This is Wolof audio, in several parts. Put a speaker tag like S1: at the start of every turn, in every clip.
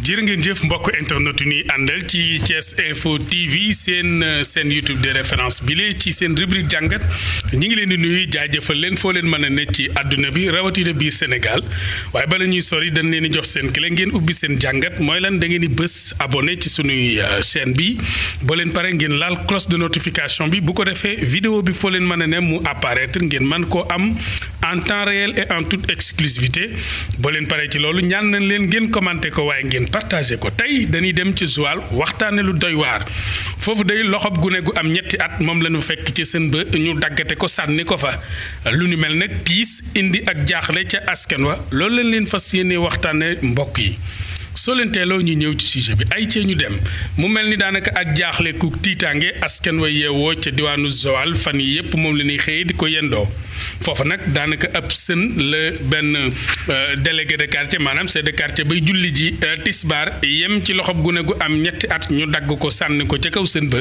S1: jërë ngeen jëf mbokk internet yu ñuy àndal ci Thiès Info TV seen euh, seen YouTube de référence bi lee ci seen rubrique jàngat ñi ngi leen di nuyu jaajëfal leen foo leen mën a ne ci àdduna bi rawatina biir Sénégal waaye bala ñuy sori dañ leen di jox seen clé ngeen ubbi seen jàngat mooy lan da ngeen di bës abonné ci sunuy seen euh, bi boo leen pare ngeen laal cloche de notification bi bu ko defee vidéo bi foo leen mën a ne mu apparaître ngeen man koo am en temps réel et en toute exclusivité boo leen paree ci loolu ñaan nañ leen ngeen commenté ko waaye ngeen partagé ko tey dañuy dem ci Joal waxtaane lu doy waar foofu day loxob gune gu am ñetti at moom la ñu fekk ci seen ba ñu daggate ko sànni ko fa lu ñu mel nag tiis indi ak jaaxle ca askan wa loolu lañ leen fas yéene waxtaane mbokk yi soo leen teeloo ñu ñëw ci sujet bi ay cee ñu dem mu mel ni daanaka ak jaaxle ku tiitaange askan wa yeewoo ca diwaanu Joal fan yi yëpp moom la ñuy xëyee di ko yendoo foofa nag daanaka ab sën la benn euh, délégué de quartier maanaam c'est de quartier bay julli ji euh, tisbaar yem ci loxob gune gu am ñetti at ñu dagg ko sànni ko ca kaw sën ba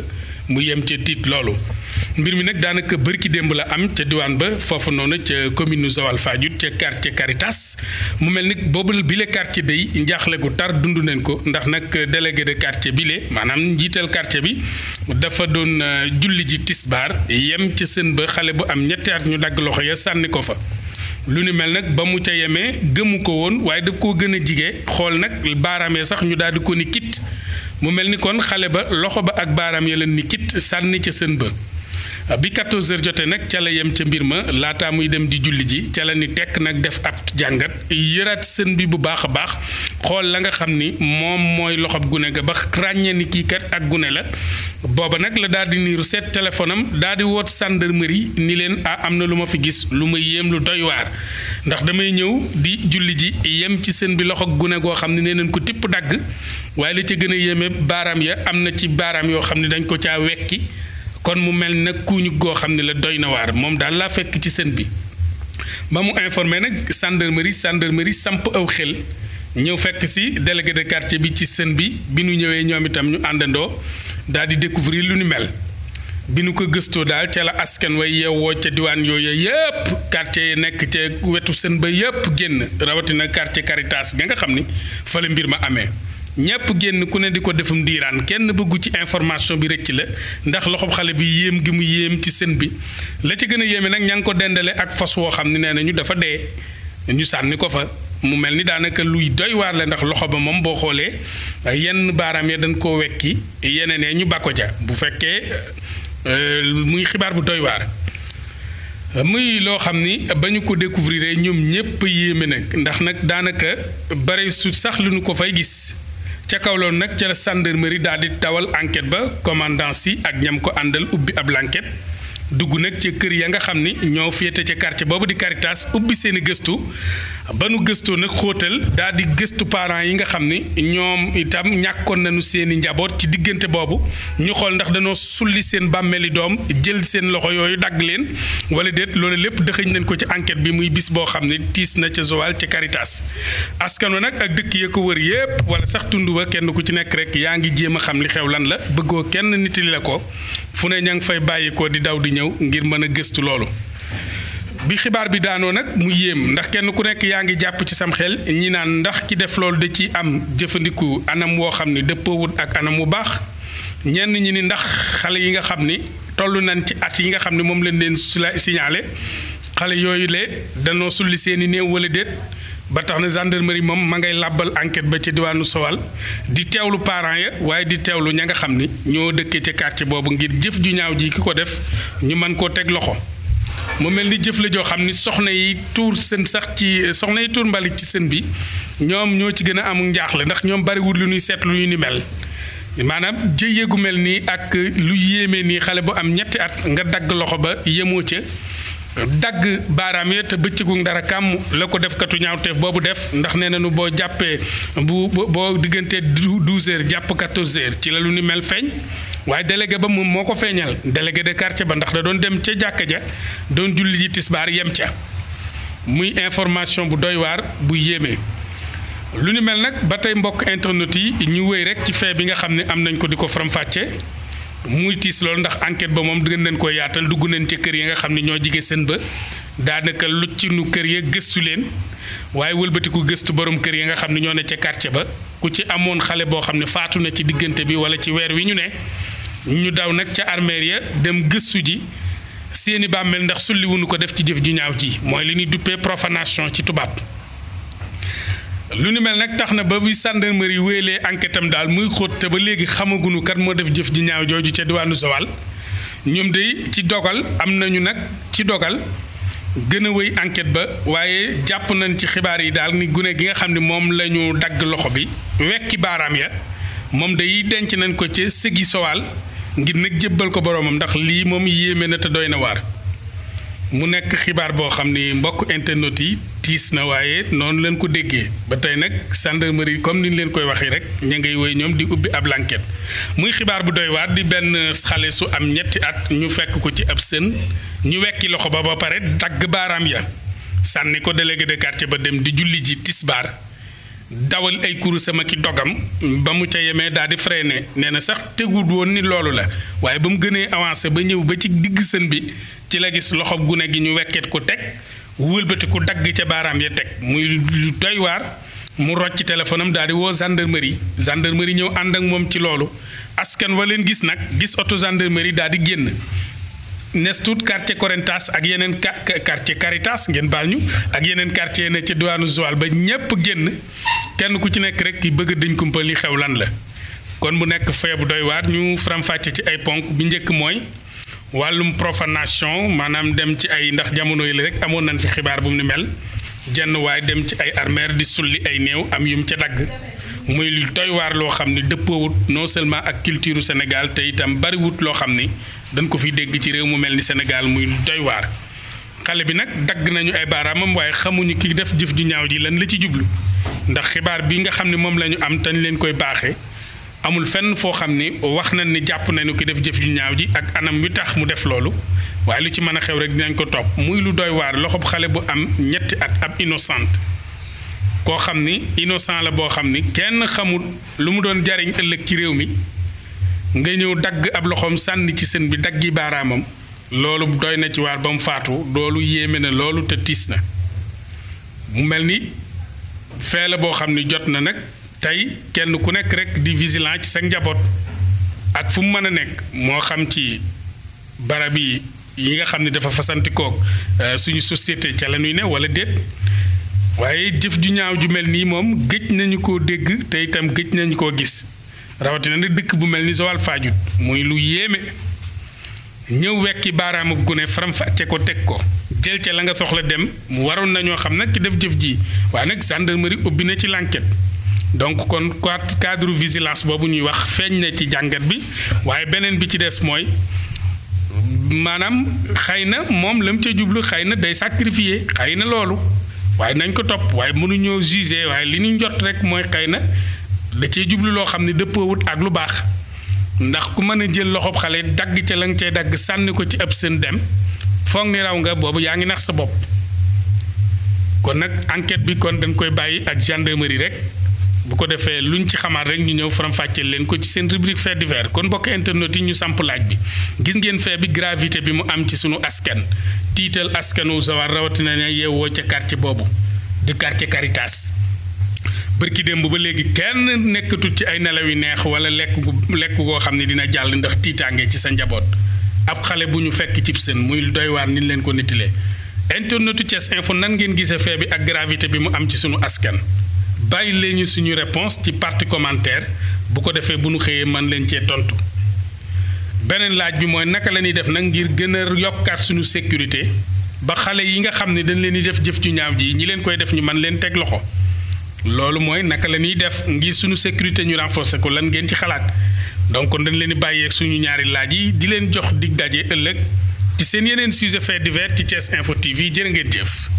S1: mu yem ca tiit loolu mbir mi nag daanaka bërki démb la am ca diwaan ba foofu noonu ca commune nu Joal Fadiouth ca quartier Caritas mu mel ni boobu bile quartier day njaaxle gu tar dundu nañ ko ndax nag délégué de quartier bile maanaam njiital quartier bi dafa doon euh, julli ji tisbaar yem ca sën ba xale bu am ñetti at ñu dagg loxo ya sànni ko fa. lu ni mel nag ba mu ca yemee gëmu ko woon waaye daf koo gën a jige xool nag baaraamee sax ñu daal ko ni kit. mu mel ni kon xale ba loxo ba ak baaraam ya leen ni kit sànni ca sën ba bi 14h jotee nag ca la yem ca mbir ma laataa muy dem di julli ji ca la ni tekk nag def ab jàngat yëraat sën bi bu baax a baax xool la nga xam ni moom mooy loxob gune ga ba ràññee ni kii kat ak gune la booba nag la daal di niiru seet téléphone am daal di woot gendarmerie ni leen ah am na lu ma fi gis lu ma yéem lu doy waar ndax damay ñëw di julli ji yem ci sën bi loxo gune goo xam ne nee nañ ko tipp dagg waaye li ca gën a yéeme baaraam ya am na ci baaraam yoo xam ne dañ ko caa wekki kon mu mel nag kuuñu goo xam ne la doy na waar moom daal laa fekk ci sën bi ba mu informé nag gendarmerie gendarmerie samp aw xel ñëw fekk si délégué de quartier bi ci sën bi bi nu ñëwee ñoom itam ñu àndandoo daal di découvrir lu nu mel bi nu ko gëstoo daal cee la askan wa yeewoo ca diwaan yooyu yëpp quartier yi nekk ca wetu sën ba yëpp génn rawatina quartier Caritas ga nga xam ni fale mbir ma amee. ñëpp génn ku ne di ko defum diiraan kenn bëggu ci information bi rëcc la ndax loxob xale bi yéem gi mu yéem ci sën bi la ci gën a yéeme nag ña ngi ko dendale ak fas woo xam ne nee nañu dafa dee ñu sànni ko fa mu mel ni daanaka luy doy la ndax loxo ba moom boo xoolee yenn baaraam ya dañ koo wekki yeneen ne ñu bàkko ca bu fekkee euh, muy xibaar bu doy waar muy loo xam ni ba ñu ko découvrir ñoom ñépp yéeme nag ndax nag daanaka bare su sax lu ñu ko fay gis ca kaw nag ca la gendarmerie daal di tawal enquête ba commandant si ak ñam ko àndal ubbi ab l'enquête dugg nag ca kër ya nga xam ni ñoo féete ca quartier boobu di Caritas ubbi seeni gëstu ba nu gëstoo nag xóotal daal di gëstu parents yi nga xam ni ñoom itam ñàkkoon nañu seeni njaboot ci diggante boobu ñu xool ndax dañoo sulli seen bàmmeeli doom jël seen loxo yooyu dagg leen wala déet loolu lépp dëxëñ nañ ko ci enquête bi muy bis boo xam ne tiis na ca Joal ca Caritas askan wa nag ak dëkk yee ko wër yépp wala sax tund wa kenn ku ci nekk rek yaa ngi jéem a xam li xew lan la bëggoo kenn nitali la ko fu ne ña ngi fay bàyyi ko di daw di ñëw ngir mën a gëstu loolu bi xibaar bi daanoo nag mu yéem ndax kenn ku nekk yaa ngi jàpp ci sam xel ñi naan ndax ki def loolu da ci am jëfandiku anam woo xam ni dëppoowut ak anam wu baax ñenn ñi ni ndax xale yi nga xam ni toll nañ ci at yi nga xam ni moom lañ leen sula signalé xale yooyu le danoo sulli seen i néew wala déet ba tax na gendarmerie moom ma ngay làbbal enquête ba ci diwaanu Sowal di teewlu parents ya waaye di teewlu ña nga xam ni ñoo dëkkee ci quartier boobu ngir jëf ju ñaaw ji ki ko def ñu mën koo teg loxo mu mel ni jëf la joo xam ni soxna yi tuur seen sax ci soxna yi tuur mbalit ci seen bi ñoom ñoo ci gën a amul njaaxle ndax ñoom bariwul lu nuy seet lu nu mel maanaam jëye gu mel nii ak lu yéeme nii xale bu am ñetti at nga dagg loxo ba yemoo ca dagg baaraam ya te bëccëgu dara kàmm la ko defkatu ñaawteef boobu def ndax nee nañu boo jàppee bu boo diggante douze heures jàpp quatorze heures ci la lu ni mel feeñ waaye délégué ba moom moo ko feeñal délégué de quartier ba ndax da doon dem ca jàkka ja doon julli ji tisbaar yem ca muy information bu doy waar bu yéeme. lu ni mel nag ba tey mbokk internet yi ñu wéy rek ci fee bi nga xam ne am nañ ko di ko faram-fàcce muy tiis loolu ndax enquête ba moom gën nañ koy yaatal dugg nañ ca kër yi nga xam ne ñoo jige seen ba daanaka lucc nu kër ya gëstu leen waaye wëlbatiku gëstu borom kër yi nga xam ne ñoo ne ca quartier ba ku ci amoon xale boo xam ne faatu na ci diggante bi wala ci weer wi ñu ne ñu daw nag ca armeer ya dem gëstu ji seeni bàmmeel ndax sulli ko def ci jëf ju ñaaw ji mooy li ñuy duppee profanation ci tubaab lu ni mel nag tax na ba bi gendarmerie wéelee enquête am daal muy xóot te ba léegi xamaguñu kat moo def jëf ji ñaaw jooju ca diwaanu Sowal ñoom de ci dogal am nañu nag ci dogal gën a wéy enquête ba waaye jàpp nañ ci xibaar yi daal ni gune gi nga xam ne moom la ñu dagg loxo bi wekki baaraam ya moom day denc nañ ko ca sëgi Sowal ngir nag jébbal ko boroomam ndax lii moom yéeme na te doy na waar mu nekk xibaar boo xam ni mbokk internet yi tiis na waaye noonu leen ko déggee ba tey nag gendarmerie comme ni leen koy waxee rek ña ngay woy ñoom di ubbi ab enquête muy xibaar bu doy waar di benn xale su am ñetti at ñu fekk ko ci ab sën ñu wekki loxo ba ba pare dagg baaraam ya sànni ko délégué de quartier ba dem di julli ji tisbaar dawal ay kuru sama ki dogam ba mu ca yemee daal di freiné nee na sax tëguut woon ni loolu la waaye ba mu gënee avancé ba ñëw ba ci digg sën bi ci la gis loxob gune gi ñu wekkeet ku teg wëlbati ku dagg ca baaraam ya teg muy lu doy waar mu rocc téléphone am daal di woo gendarmerie gendarmerie ñëw ànd ak moom ci loolu askan wa leen gis nag gis oto gendarmerie daal di génn nes tuut quartier Corentas ak yeneen quartier Caritas ngeen baal ñu ak yeneen quartier na ci diwaanu Joal ba ñépp génn kenn ku ci nekk rek ki bëgg dañ kumpa li xew lan la kon bu nekk fee bu doy waar ñu faram-fàcce ci ay ponk bi njëkk mooy wàllum profanation maanaam dem ci ay ndax jamono yi rek amoon nañ fi xibaar bu mu ni mel jenn waaye dem ci ay armeer di sulli ay néew am yum ca dagg muy lu doy loo xam ni dëppoowut non seulement ak culture Sénégal te itam bariwut loo xam ni dañ ko fi dégg ci réew mu mel ni Sénégal muy lu doy xale bi nag dagg nañu ay baaraamam waaye xamuñu ki def jëf ju ñaaw ji lan la ci jublu ndax xibaar bi nga xam ne moom lañu am tañ leen koy baaxe amul fenn foo xam ni wax nañ ni jàpp nañu ki def jëf ju ñaaw ji ak anam wi tax mu def loolu waaye lu ci mën a xew rek dinañ ko topp muy lu doy waar loxob xale bu am ñetti ak ab innocent koo xam ni innocent la boo xam ni kenn xamul lu mu doon jariñ ëllëg ci réew mi nga ñëw dagg ab loxoom sànni ci sën bi daggi baaraamam loolu doy na ci waar ba mu faatu doolu yéeme ne loolu te tiis na mu ni fee la boo xam ni jot na nag tey kenn ku nekk rek di vigilant ci sa njaboot ak fu mu mën a nekk moo xam ci barab yi yi nga xam ne dafa fasantikook euh, suñu société ca la ñuy ne wala déet waaye jëf ju ñaaw ju mel nii moom gëj nañu ko dégg te itam gëj nañu koo gis rawatina na dëkk bu mel ni Joal Fadiouth muy lu yéeme ñëw wekki baaraamu gune faram fàcce ko teg ko jël ca la nga soxla dem mu waroon na ñoo xam nag def jëf ji waaye nag gendarmerie ubbi na ci l'enquête donc kon cadre vigilance boobu ñuy wax feeñ na ci jàngat bi waaye beneen bi ci des mooy maanaam xëy na moom la mu ca jublu xëy na day sacrifier xëy na loolu waaye nañ ko topp waaye mënuñoo juger waaye li ñu njot rek mooy xëy na da cee jublu loo xam ne dëppoowut ak lu baax ndax ku mën a jël loxob xale dagg ca la nga cay dagg sànni ko ci ab seen dem foog ni raw nga boobu yaa ngi nax sa bopp kon nag enquete bi kon dañ koy bàyyi ak gendarmerie rek bu ko defee lu luñ ci xamaat rek ñu ñëw faram-fàccee leen ko ci seen rubrique fait divers kon mbokk internet yi ñu samp laaj bi gis ngeen fee bi gravité bi mu am ci sunu askan tiital askanu sawar rawatina ne yeewoo ca quartier boobu di quartier Caritas bërki démb ba léegi kenn nekkatul ci ay nelaw yu neex wala lekk gu lekk goo xam ne dina jàll ndax tiitaange ci sa njaboot. ab xale bu ñu fekk cib seen muy doy waar ni leen ko nittilee internetu Thiès info nan ngeen gisee fee bi ak gravité bi mu am ci suñu askan bàyyi leen suñu réponse ci parti commentaire bu ko defee bu ñu xëyee man leen cee tontu beneen laaj bi mooy naka la ñuy def nag ngir gën a yokkaat suñu sécurité ba xale yi nga xam ne dañ leen di def jëf ju ñaaw ji ñi leen koy def ñu man leen teg loxo loolu mooy naka la ñuy def ngir suñu sécurité ñu renforcer ko lan ngeen ci xalaat donc dañ leen di bàyyeeg suñu ñaari laaj yi di leen jox dig daje ëllëg ci seen yeneen sujet faits divers ci Thiès Info TV jërë ngeen jëf